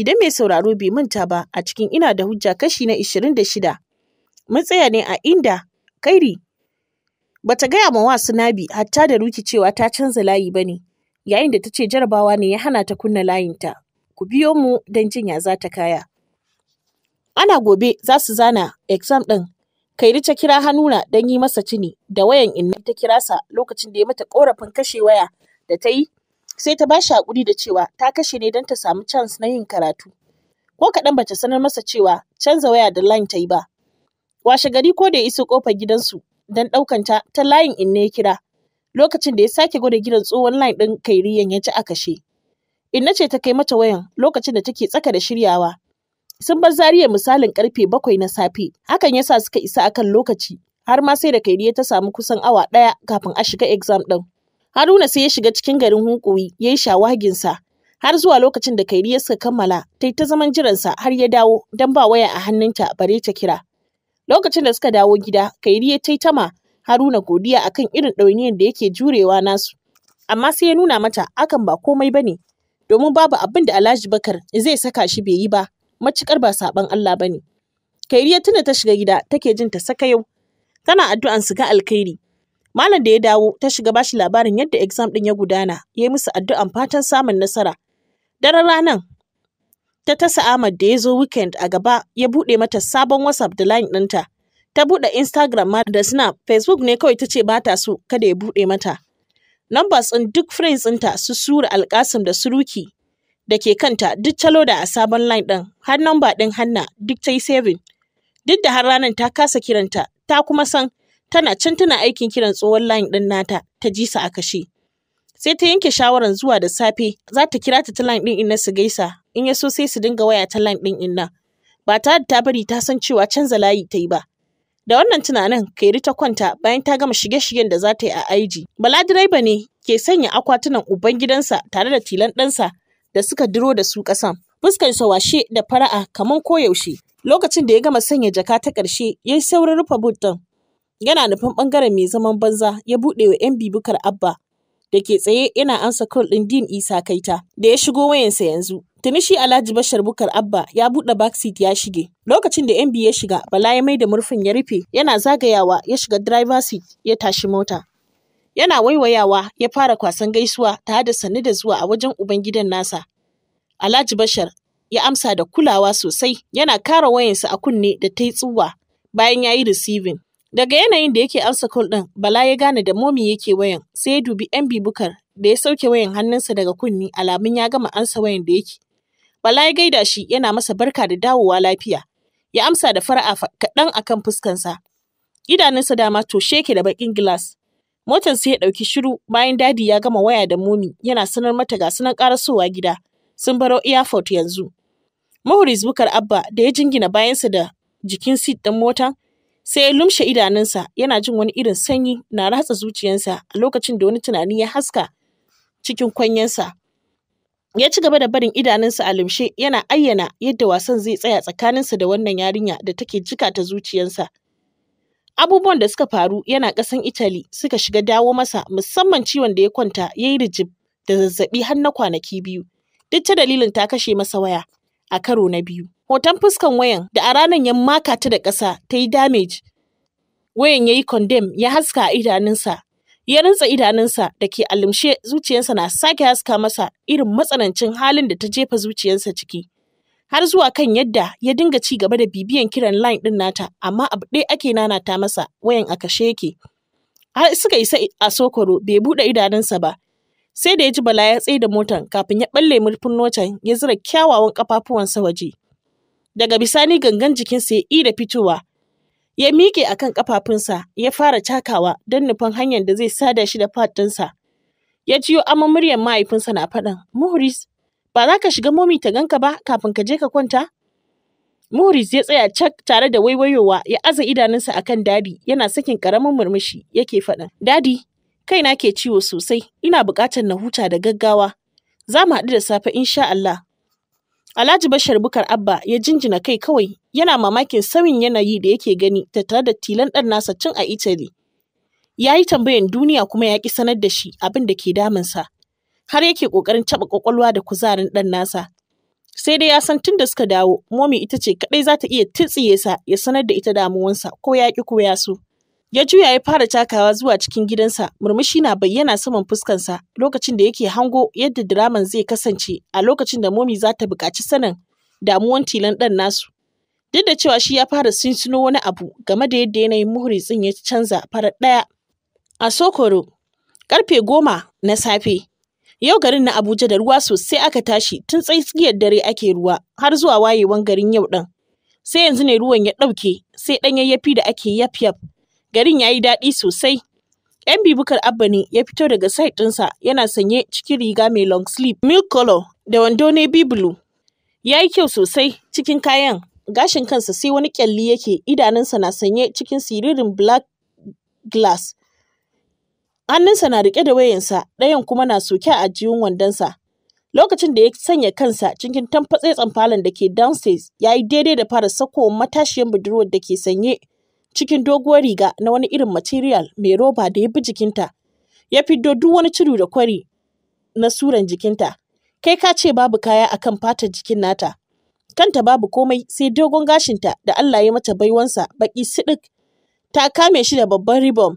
Idan mai sauraro bai manta ba a cikin ina da hujja kashi na 26 mun tsaya ne a inda kairi bata gaya ma wa Nabi hatta da Ruki cewa ta canza layi ba ne yayin da ta ce jarabawa ne ya hana ta kunna layinta. Ku biyo mu don jin ya za ta kaya. Ana gobe za su zana exam ɗin Kairi ta kira Hanuna don yi masa cini da wayan inna ta kirasa lokacin da ya mata korafin kashe waya da ta yi sai ta bashi haƙuri da cewa ta kashe ne don ta samu chance na yin karatu. Ko kaɗan bata sanar masa cewa canza waya da line ta yi ba. Washe gari ko da ya iso ƙofar gidansu don ɗaukan ta ta layin in ne ya kira. Lokacin da ya sake gwada gidan tsohon line ɗin kairiyan ya ci a kashe. In na ce ta kai mata wayan lokacin da take tsaka da shiryawa. Sun bar zariya misalin karfe bakwai na safe, hakan yasa suka isa akan lokaci, har ma sai da kairiya ta samu kusan awa ɗaya kafin a shiga exam ɗin. Haruna sai ya shiga cikin garin hunkuyi ya yi shawaginsa har zuwa lokacin da kairiya suka kammala ta ta zaman jiransa har ya dawo don ba waya a hannunta bare ta kira. Lokacin da suka dawo gida kairiya ta yi tama Haruna godiya akan irin dauniyar da yake jurewa nasu. Amma sai ya nuna mata akan ba komai ba ne domin babu abin da Alhaji Bakar zai saka shi bai yi ba macikar ba saɓan Allah ba ne. Kairiya tuna ta shiga gida take jin ta saka yau tana addu'an su ga alkhairi Malam da ya dawo ta shiga bashi labarin yadda exam ɗin ya gudana, ya yi musu addu'an fatan samun nasara. Daren ranar, ta tasa Ahmad da ya zo weekend a gaba ya buɗe mata sabon WhatsApp da line ɗinta. Ta buɗe Instagram ma da Snap, Facebook ne kawai ta ce ba ta so kada ya buɗe mata. Numbers ɗin duk friends ɗinta su Sura Alkasim da Suruki da ke kanta duk ta loda a sabon line ɗin har number ɗin Hanna duk ta yi saving. Duk da har ranar ta kasa kiranta, ta kuma san Tana can tana aikin kiran tsohon layin ɗin nata, ta ji sa a kashe. Sai ta yanke shawaran zuwa da safe, za ta kira ta ta layin ɗin inna su gaisa, in ya so sai su dinga waya ta layin ɗin inna. Ba ta da ta bari ta san cewa canza layi ta yi ba. Da wannan tunanin, Kairi ta kwanta bayan ta gama shige-shigen da za ta yi a aiji. Bala direba ne ke sanya akwatunan uban gidansa tare da tilan ɗansa da suka diro da su ƙasan. Fuskarsa washe da fara'a kamar koyaushe. Lokacin da ya gama sanya jaka ta ƙarshe, ya yi saurin rufe but ɗin. yana nufin ɓangaren mai zaman banza ya buɗe wa 'yan bibikar Abba da ke tsaye yana ansa kol ɗin din Isa Kaita da ya shigo wayansa yanzu. Tuni shi Alhaji Bashar Bukar Abba ya buɗe backseat ya shige. Lokacin da MB ya shiga, Bala ya mai da murfin ya rufe, yana zagayawa ya shiga driver seat ya tashi mota. Yana waiwayawa ya fara kwasan gaisuwa tare da sanni da zuwa a wajen ubangidan nasa. Alhaji Bashar ya amsa da kulawa sosai, yana kara wayansa a kunne da ta yi tsuwa bayan ya yi receiving. Daga yanayin da yake amsa kol ɗin, Bala ya gane da Momi yake wayan, sai ya dubi 'yan Bukar da ya sauke wayan hannunsa daga kunni alamun ya gama amsa wayan da yake. Bala ya gaida shi yana masa barka da dawowa lafiya. Ya amsa da fara'a kaɗan a kan fuskansa. Idanunsa dama toshe ke da baƙin gilas. Motar sai ya ɗauki shiru bayan dadi ya gama waya da Momi yana sanar mata ga sunan ƙarasowa gida. Sun baro airport yanzu. mahuris Bukar Abba da ya jingina bayansa da jikin seat ɗin motan sai ya lumshe idanunsa yana jin wani irin sanyi na ratsa zuciyarsa a lokacin da wani tunani ya haska cikin kwanyensa. Ya ci gaba da barin idanunsa a lumshe yana ayyana yadda wasan zai tsaya tsakaninsa da wannan yarinya da take jika ta zuciyarsa. Abubuwan da suka faru yana ƙasan Itali suka shiga dawo masa musamman ciwon da ya kwanta ya yi rijib da zazzaɓi har na kwanaki biyu. Duk ta dalilin ta kashe masa waya. a karo na biyu. Hoton fuskan wayan da a ranar ya maka ta da ƙasa ta yi damage. Wayan ya yi condemn ya haska a idanunsa. Ya rintsa idanunsa da ke alimshe zuciyarsa na sake haska masa irin matsanancin halin da ta jefa zuciyarsa ciki. Har zuwa kan yadda ya dinga ci gaba da bibiyan kiran line ɗin nata amma abu ɗaya ake nanata masa wayan a kashe yake. Har suka isa a Sokoro bai buɗe idanunsa ba. sai da ya ji Bala ya tsaye da motar, kafin ya balle murfin motan ya zira kyawawan kafafuwansa waje. Daga bisani gangan jikinsa ya ida fitowa. Ya miƙe a kan ƙafafunsa ya fara cakawa, don nufin hanyar da zai sada shi da fatinsa. Ya jiyo aman muryar mahaifinsa na faɗan, Muhris, ba za ka shiga momi ta ganka ba kafin ka je ka kwanta? muhris ya tsaya cak tare da waiwayowa ya aza idanunsa akan dadi yana sakin karamin murmushi yake faɗan. Dadi, Kaina ke ciwo sosai, ina buƙatar na huta da gaggawa. Za mu haɗu da safe insha Allah. Alhaji Bashar Bukar Abba ya jinjina kai kawai yana mamakin sauyin yanayi da yake gani tattare da tilan ɗan nasa tun a Italy. Ya yi tambayan duniya kuma ya ƙi sanar da shi abin da ke damunsa. Har yake ƙoƙarin taɓa ƙwaƙwalwa da kuzarin ɗan nasa. Sai dai ya san tun da suka dawo, momi ita ce kaɗai za ta iya titsiye sa ya sanar da ita damuwansa ko ya ƙi ko ya so. Ya juya ya fara takawa zuwa cikin gidansa, murmushi na bayyana saman fuskarsa lokacin da yake hango yadda diraman zai kasance a lokacin da momi za ta buƙaci sanin damuwan tilan ɗan nasu. Duk da cewa shi ya fara sunsuno wani abu game da yadda yanayin muhuri tsin ya canza farar ɗaya. A Sokoro, karfe goma na safe, yau garin na Abuja da ruwa sosai aka tashi tun tsakiyar dare ake ruwa har zuwa wayewan garin yau ɗin. Sai yanzu ne ruwan ya ɗauke, sai ɗan da ake yaf yaf Garin ya yi daɗi sosai. 'Yan bibukar Abba ne ya fito daga site ɗinsa yana sanye cikin riga mai long sleeve milk color da wando ne blue. Ya yi kyau sosai cikin kayan gashin kansa sai wani kyalli yake idanunsa na sanye cikin siririn black glass. Hannunsa na riƙe da wayansa ɗayan kuma na soke a jiyun wandonsa. Lokacin da ya sanya kansa cikin tamfatsai falon da ke downstairs ya yi daidai da fara sako matashiyan budurwar da ke sanye cikin doguwar riga na wani irin material mai roba da ya bi jikinta, ya fiddo duk wani tudu da kwari na suran jikinta. Kai ka ce babu kaya akan kan fatar jikin nata. Kanta babu komai sai dogon gashinta da Allah ya mata baiwansa baki siɗik. Ta kame shi da babban ribom,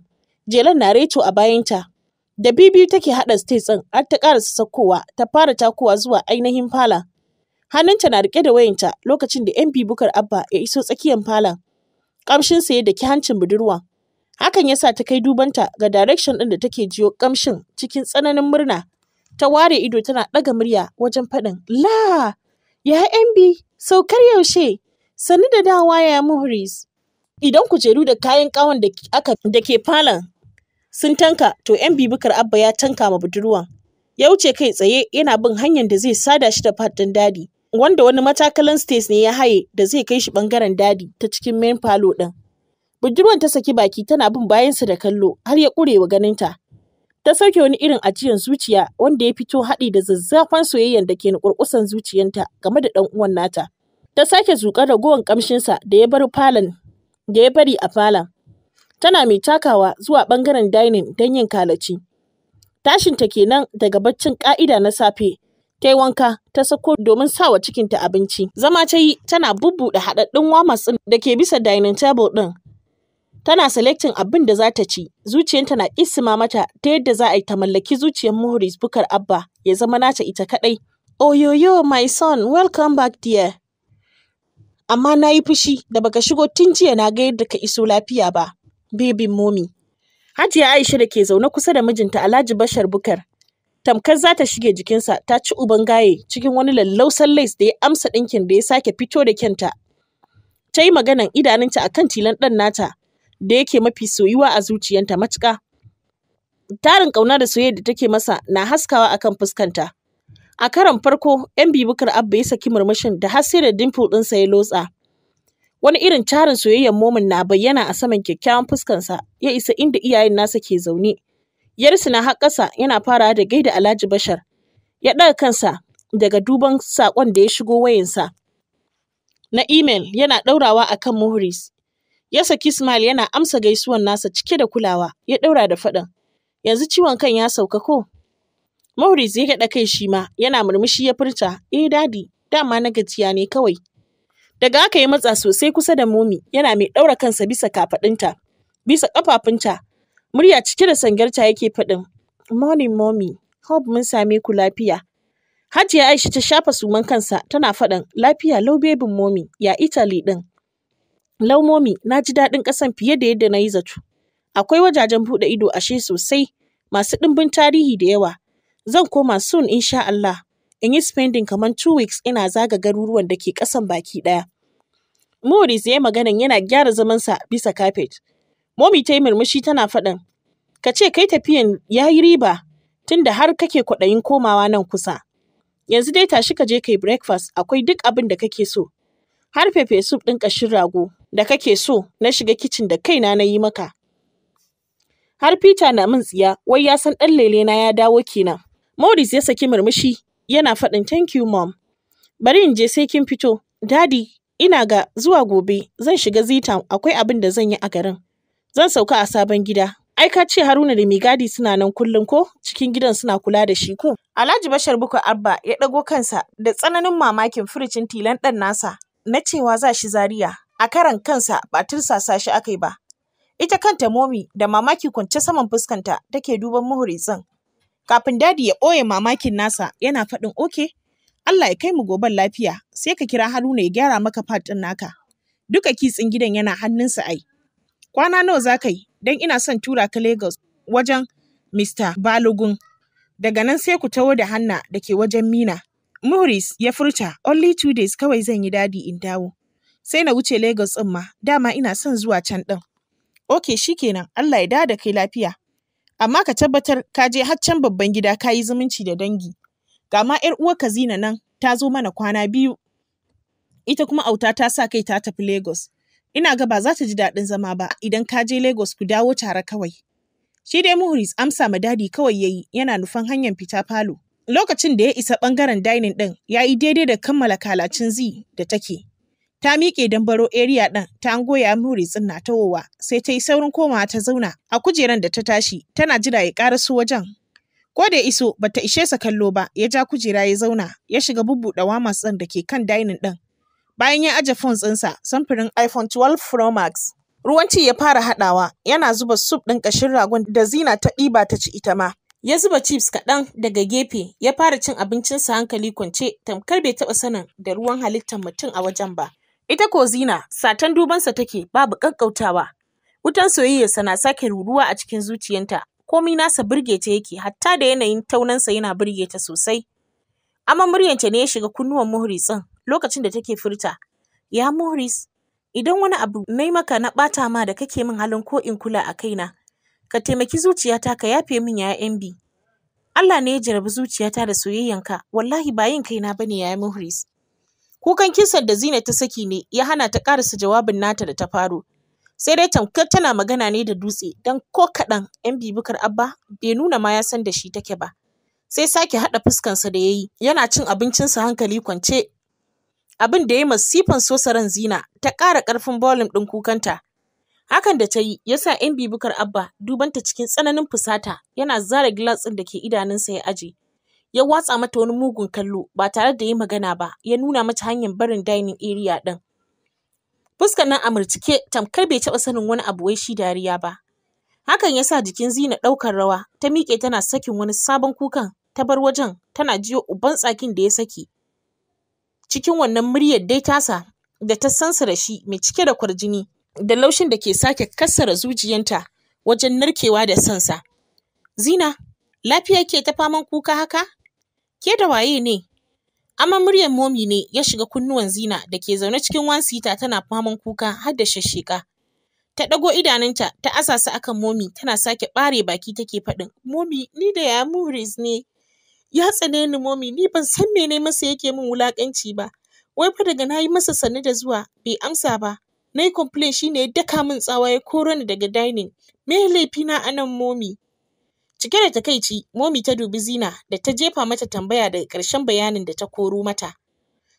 jelan na reto a bayanta. Da bibiyu take haɗa state ɗin har ta ƙarasa sakkowa ta fara takowa zuwa ainihin fala. Hannunta na rike da wayanta lokacin da 'yan bibukar Abba ya iso tsakiyar falon. saye yadda ki hancin budurwa. Hakan ya sa ta kai dubanta ga direction ɗin da take jiyo ƙamshin cikin tsananin murna. Ta ware ido tana ɗaga murya wajen faɗin La! Ya MB, saukar yaushe, Sani da dawa ya muhris. Idan kujeru da kayan kawan da aka da ke falon sun tanka, to MB bukar Abba ya tanka ma budurwan. Ya wuce kai tsaye yana bin hanyar da zai sada shi da fatan dadi. wanda wani matakalan stage ne ya haye da zai kai shi bangaren dadi ta cikin main palo din. Budurwan ta saki baki tana bin bayansa da kallo har ya wa ganinta. Ta sauke wani irin ajiyan zuciya wanda ya fito haɗi da zazzafan soyayyan da ke nukurkusan zuciyanta game da ɗan uwan nata. Ta sake zuƙar ragowar ƙamshinsa da ya bar falon da ya bari a falon. Tana mai takawa zuwa ɓangaren dining don yin kalaci. Tashinta kenan daga baccin ƙa'ida na safe ta yi wanka ta sako domin sawa cikinta abinci. Zama ta yi tana bubbuɗe haɗaɗɗun wamas ɗin da ke bisa dining table ɗin. Tana selectin abin da za ta ci, zuciyarta na isima mata ta yadda za a yi ta mallaki zuciyar Muhris Bukar Abba ya zama nata ita kaɗai. Oyoyo my son, welcome back dear. Amma na yi fushi da baka shigo tun jiya na ga yadda ka iso lafiya ba, baby mommy. Hajiya Aisha da ke zaune kusa da mijinta Alhaji Bashar Bukar tamkar za ta shige jikinsa ta ci uban gaye cikin wani lallausan lace da ya amsa ɗinkin da ya sake fito da kyanta. Ta yi maganan idanunta a kan tilan ɗan nata da yake mafi soyuwa a zuciyanta matuƙa. Tarin ƙauna da soyayya da take masa na haskawa a kan fuskanta. A karon farko, ‘yan bibukar Abba ya saki murmushin da har sai da dimple ɗinsa ya lotsa. Wani irin tarin soyayyan momin na bayyana a saman kyakkyawan fuskansa ya isa inda iyayen nasa ke zaune. Yarsu na har ƙasa yana farawa da gaida Alhaji Bashar. Ya ɗaga kansa daga duban saƙon da ya shigo wayansa. na imel yana ɗaurawa a kan muhuris. Ya saki smile yana amsa gaisuwan nasa cike da kulawa, ya ɗaura da faɗin. Yanzu ciwon kan ya sauka ko? Muhuris ya gaɗa kai shi ma, yana murmushi ya furta, eh dadi, dama na gajiya ne kawai. Daga haka ya matsa sosai kusa da momi, yana mai ɗaura kansa bisa kafaɗinta, bisa ƙafafunta, Murya cike da sangarta yake faɗin, “Morning mummy, hope mun same ku lafiya.” Hajiya Aisha ta shafa suman kansa tana faɗin, “Lafiya lau bebin mummy, ya Italy ɗin?” Lau mommy na ji daɗin ƙasan fiye da yadda na yi zato. Akwai wajajen buɗe ido ashe sosai, masu ɗimbin tarihi da yawa. Zan koma soon insha Allah, in yi spending kamar two weeks ina zaga garuruwan da ke ƙasan baki ɗaya. Maurice ya yi maganan yana gyara zamansa bisa kafet. Momi ta yi murmushi tana faɗin, ka ce kai tafiyan ya yi riba tunda har kake kwaɗayin komawa nan kusa. Yanzu dai tashi ka je kai breakfast akwai duk abin da kake so. Har fefe soup ɗin ƙashin rago da kake so na shiga kicin da kaina na yi maka. Har Peter na min tsiya wai ya san ɗan na ya dawo kenan. Morris ya saki murmushi yana faɗin thank you mom. Bari in je sai kin fito. Daddy ina ga zuwa gobe zan shiga zitan akwai abin da zan yi a garin. Zan sauka a sabon gida. Ai ka ce Haruna da Migadi suna nan kullum ko? Cikin gidan suna kula da shi ko? Alhaji Bashar Bukar Abba ya ɗago kansa da tsananin mamakin furicin tilan ɗan nasa na cewa za shi Zariya, a karan kansa ba tursasa shi aka ba. Ita kanta momi da mamaki kwance saman fuskanta take duban muhuritsin. Kafin dadi ya ɓoye mamakin nasa yana faɗin oke, Allah ya kai mu goben lafiya sai ka kira Haruna ya gyara maka fat naka. Duka kitsin gidan yana hannunsa ai. Kwana nawa za ka yi? Don ina son tura ka Lagos wajen Mr. Balogun. Daga nan sai ku taho da Hanna da ke wajen Mina. muris ya furta, only two days kawai zan yi dadi in dawo. Sai na wuce Lagos ɗin ma, dama ina son zuwa can ɗin. Ok, kenan. Allah ya dada kai lafiya. Amma ka tabbatar ka je har babban gida ka yi zumunci da dangi. Ga ma ‘yar ka Zina nan ta zo mana kwana biyu. Ita kuma auta ta sa kai ta tafi Lagos. Ina ga ba za ta ji daɗin zama ba idan ka je Lagos ku dawo tare kawai. Shi dai Muhris amsa ma dadi kawai yayi yana nufan hanyar fita falo. Lokacin da ya isa ɓangaren dining ɗin ya yi daidai da kammala kalacin zi da take. Ta miƙe don baro area ɗin ta goya Muhris ɗin na tawowa sai ta yi saurin komawa ta zauna a kujeran da ta tashi tana jira ya su wajen. Ko da iso bata ishe sa kallo ba ya ja kujera ya zauna ya shiga bubbuɗe wamas ɗin da ke kan dining ɗin Bayan ya aje phones ɗinsa, samfurin iPhone 12 Pro Max. Ruwan ci ya fara haɗawa, yana zuba sup ɗin ƙashin ragon da Zina ta ɗiba ta ci ita ma. Ya zuba chips kaɗan daga gefe, ya fara cin abincinsa hankali kwance, tamkar bai taɓa sanin da ruwan halittar mutum a wajen ba. Ita ko Zina, satan dubansa take babu ƙaƙƙautawa. Wutan soyayyarsa na sake ruruwa a cikin zuciyanta, komai nasa burge ta yake, hatta da yanayin taunansa yana burge ta sosai. Amma muryanta ne ya shiga kunnuwan tsin lokacin da take furta, Ya Morris, idan wani abu nai maka na ɓata ma da kake min halin ko in kula a kaina, ka taimaki zuciyata ka yafe min yaya bi. Allah ne ya jarabi zuciyata da soyayyanka, wallahi ba yin kaina ba ne yaya Morris. Kukan kisan da Zina ta saki ne ya hana ta ƙarasa jawabin nata da ta faro. Sai dai tamkar tana magana ne da dutse don ko kaɗan ‘yan bukar Abba bai nuna ma ya san da shi take ba. Sai sake haɗa fuskansa da ya yi yana cin abincinsa hankali kwance abin da ya masifan sosaran zina ta ƙara ƙarfin bolin ɗin kukanta. Hakan da ta yi ya sa ‘yan bibukar Abba dubanta cikin tsananin fusata yana zara gilasin da ke idanunsa ya aje. Ya watsa mata wani mugun kallo ba tare da yi magana ba ya nuna mata hanyar barin dainin area ɗin. Fuskar nan amurcike tamkar bai taɓa sanin wani abu wai shi dariya ba. Hakan ya sa jikin Zina ɗaukar rawa ta miƙe tana sakin wani sabon kukan ta bar wajen tana jiyo uban tsakin da ya saki cikin wannan muryar dai tasa da ta sansara shi mai cike da kwarjini da laushin da ke sake kassara zuciyanta wajen narkewa da sansa. Zina, lafiya ke ta faman kuka haka? Ke da waye ne? Amma muryar momi ne ya shiga kunnuwan Zina da ke zaune cikin wansita tana faman kuka har da shashika. Ta ɗago idanunta ta asasa akan momi tana sake ɓare baki take faɗin, momi ni da yamuris ne. ya tsane ni momi ni ban san mene masa yake min wulakanci ba wai fa daga na yi masa sanni da zuwa bai amsa ba na yi complain shine ya daka min tsawa ya koro ni daga dining me laifi na anan momi cike da takaici momi ta dubi zina da ta jefa mata tambaya daga ƙarshen bayanin da ta koro mata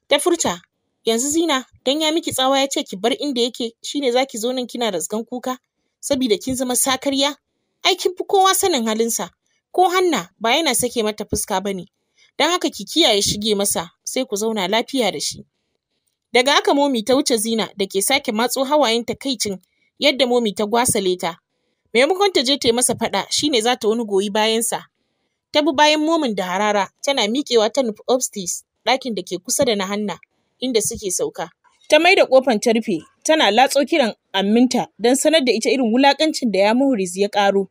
ta furta yanzu zina dan ya miki tsawa ya ce ki bar inda yake shine zaki zo nan kina da rasgan kuka saboda kin zama sakarya ai kin fi kowa sanin halinsa ko Hanna ba yana sake mata fuska ba ne, don haka ki kiyaye shige masa sai ku zauna lafiya da shi. Daga haka momi ta wuce zina da ke sake matso hawayen takaicin yadda momi ta gwasale leta, Maimakon ta je ta yi masa faɗa shine za ta wani goyi bayansa. Ta bi bayan momin da harara tana miƙewa ta nufi upstairs ɗakin da ke kusa da na Hanna inda suke sauka. Ta mai da ƙofan ta rufe tana latso kiran aminta don sanar da ita irin wulaƙancin da ya muhuriz ya ƙaro.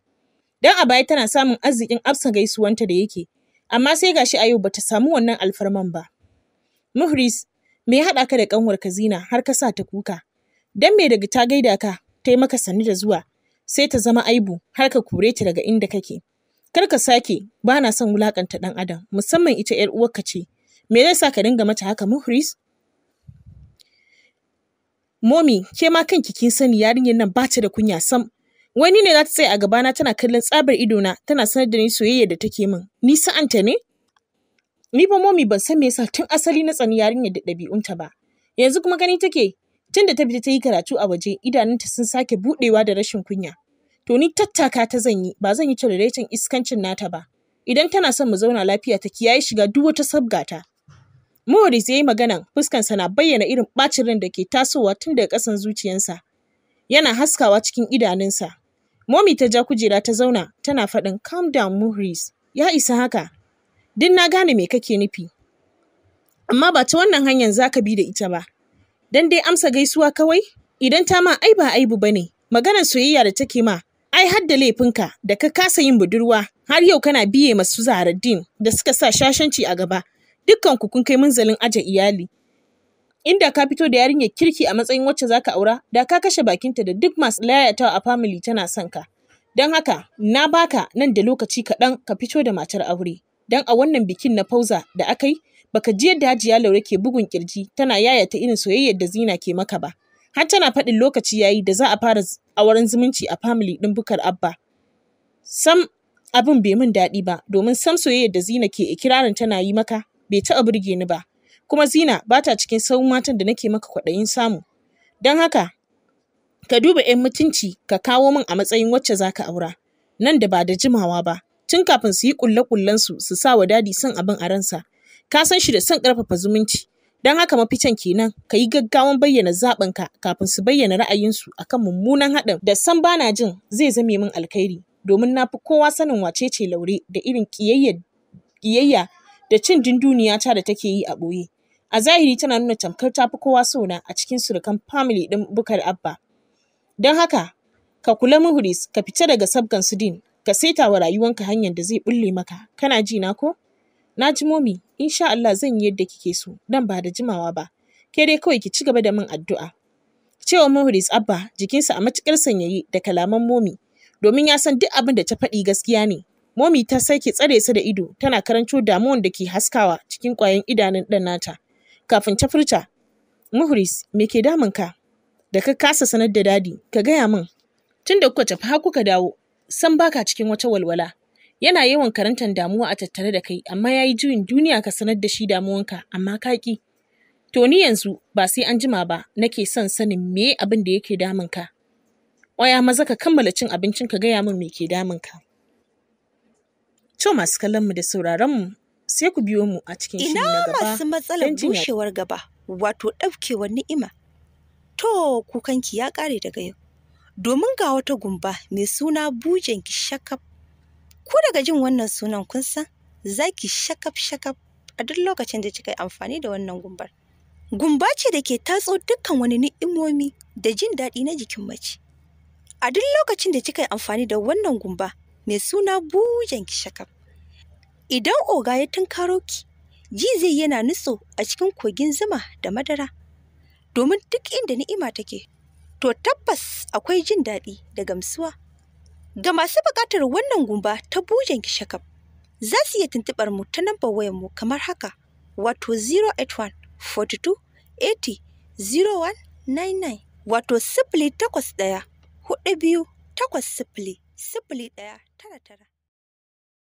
Dan a baya tana samun arzikin amsa gaisuwanta da yake, amma sai gashi a yau bata samu wannan alfarman ba. Muhris, me ya haɗa ka da ka Zina har ka sa ta kuka? Dan me daga ta gaida ka, ta yi maka sannu da zuwa, sai ta zama aibu har ka kore ta daga inda kake. Kar ka sake, ba na son wulakanta ɗan adam, musamman ita ‘yar uwarka ce. Me zai sa ka dinga mata haka Muhris? Momi, ke ma kanki kin sani yarinyar nan ba ta da kunya sam, Wani ne za ta tsaya a gabana tana kallon tsabar idona tana sanar da ni soyayya da take min. Ni sa'anta ne? Ni ba momi ban san me yasa tun asali na tsani yarinya da ɗabi'unta ba. Yanzu kuma gani take tun da ta fita ta yi karatu a waje idanunta sun sake buɗewa da rashin kunya. To ni tattaka ta zan yi ba zan yi tolerating iskancin nata ba. Idan tana son mu zauna lafiya ta kiyaye shiga duk wata sabgata. Morris ya yi maganan fuskansa na bayyana irin ɓacin ran da ke tasowa tun daga kasan zuciyarsa. Yana haskawa cikin idanunsa. Momi ta ja kujera ta zauna tana faɗin calm down Muhris, ya isa haka, duk na gane me kake nufi. Amma ba ta wannan hanyar za ka bi da ita ba, don dai amsa gaisuwa kawai idan ta ma ai ba aibu ba ne, maganar soyayya da take ma ai har da laifinka da ka kasa yin budurwa har yau kana biye masu zaharaddin da suka sa shashanci a gaba dukkan ku kun kai munzalin aje iyali inda ka fito da yarinyar kirki a matsayin wacce zaka aura da ka kashe bakinta da duk masu layatawa a family tana son ka don haka na baka nan da lokaci kaɗan ka fito da matar aure don a wannan bikin na fauza da aka yi baka ji yadda hajiya laure ke bugun kirji tana yayata irin soyayyar da zina ke maka ba har tana faɗin lokaci yayi da za a fara auren zumunci a family ɗin bukar abba sam abin bai min daɗi ba domin sam soyayyar da zina ke ikirarin tana yi maka bai taɓa burge ni ba kuma Zina ba ta cikin sauran matan da nake maka kwaɗayin samu. Don haka, ka duba 'yan mutunci ka kawo min a matsayin wacce za ka aura, nan da ba da jimawa ba, tun kafin su yi ƙulle-ƙullensu su sa wa dadi son abin a ransa. Ka san shi da son ƙarfafa zumunci, don haka mafitan kenan ka yi gaggawan bayyana zaɓinka kafin su bayyana ra'ayinsu akan mummunan haɗin da san bana jin zai zame min alkhairi domin na fi kowa sanin wacece laure da irin ƙiyayya da cin dunduniya ta da take yi a ɓoye. A zahiri tana nuna tamkar ta fi kowa sona a cikin surukan family ɗin Bukar Abba. Don haka, ka kula muhuris, ka fita daga sabgan su din, ka saita wa rayuwanka hanyar da zai bulle maka. Kana ji na ko? Na ji momi, insha Allah zan yi yadda kike so, dan ba da jimawa ba. Ke dai kawai ki ci gaba da min addu'a. Cewa muhuris Abba jikinsa a matukar sanyayi da kalaman momi, domin ya san duk abin da ta faɗi gaskiya ne. Momi ta sake tsare sa da ido, tana karanto damuwan da ke haskawa cikin ƙwayan idanun ɗan nata. kafin ta furta. Muhris, me ke damun ka? Da ka kasa sanar da dadi, ka gaya min. Tun da kuka tafi har kuka dawo, san baka cikin wata walwala. Yana yawan karantan damuwa a tattare da kai, amma ya yi juyin duniya ka sanar da shi damuwanka, amma ka ki. To ni yanzu ba sai an jima ba, nake son sanin me abin da yake damun ka. Oya maza ka kammala cin abincin ka gaya min me ke damun ka. To masu kallon mu da sauraron mu sai ku biyo mu a cikin shirin gaba. Ina masu matsalar bushewar gaba wato ɗaukewar ni'ima. To kukanki ya ƙare daga yau. Domin ga wata gumba mai suna bujen ki shakaf. Ku daga jin wannan sunan kun san za ki shakaf shakaf a duk lokacin da kika yi amfani da wannan gumbar. Gumba ce da ke tatso dukkan wani ni'imomi da jin daɗi na jikin mace. A duk lokacin da kika yi amfani da wannan gumba mai suna bujen ki shakaf. Idan oga ya tunkaro ki, ji zai yana nutso a cikin kogin zuma da madara. Domin duk inda ni'ima take, to tabbas akwai jin daɗi da gamsuwa. Ga masu buƙatar wannan gumba ta bujen ki shakaf, za su iya tuntuɓar mu ta nambar wayar mu kamar haka, wato 081 42 80 0199 wato sifili takwas ɗaya hudu biyu takwas sifili sifili ɗaya tara tara.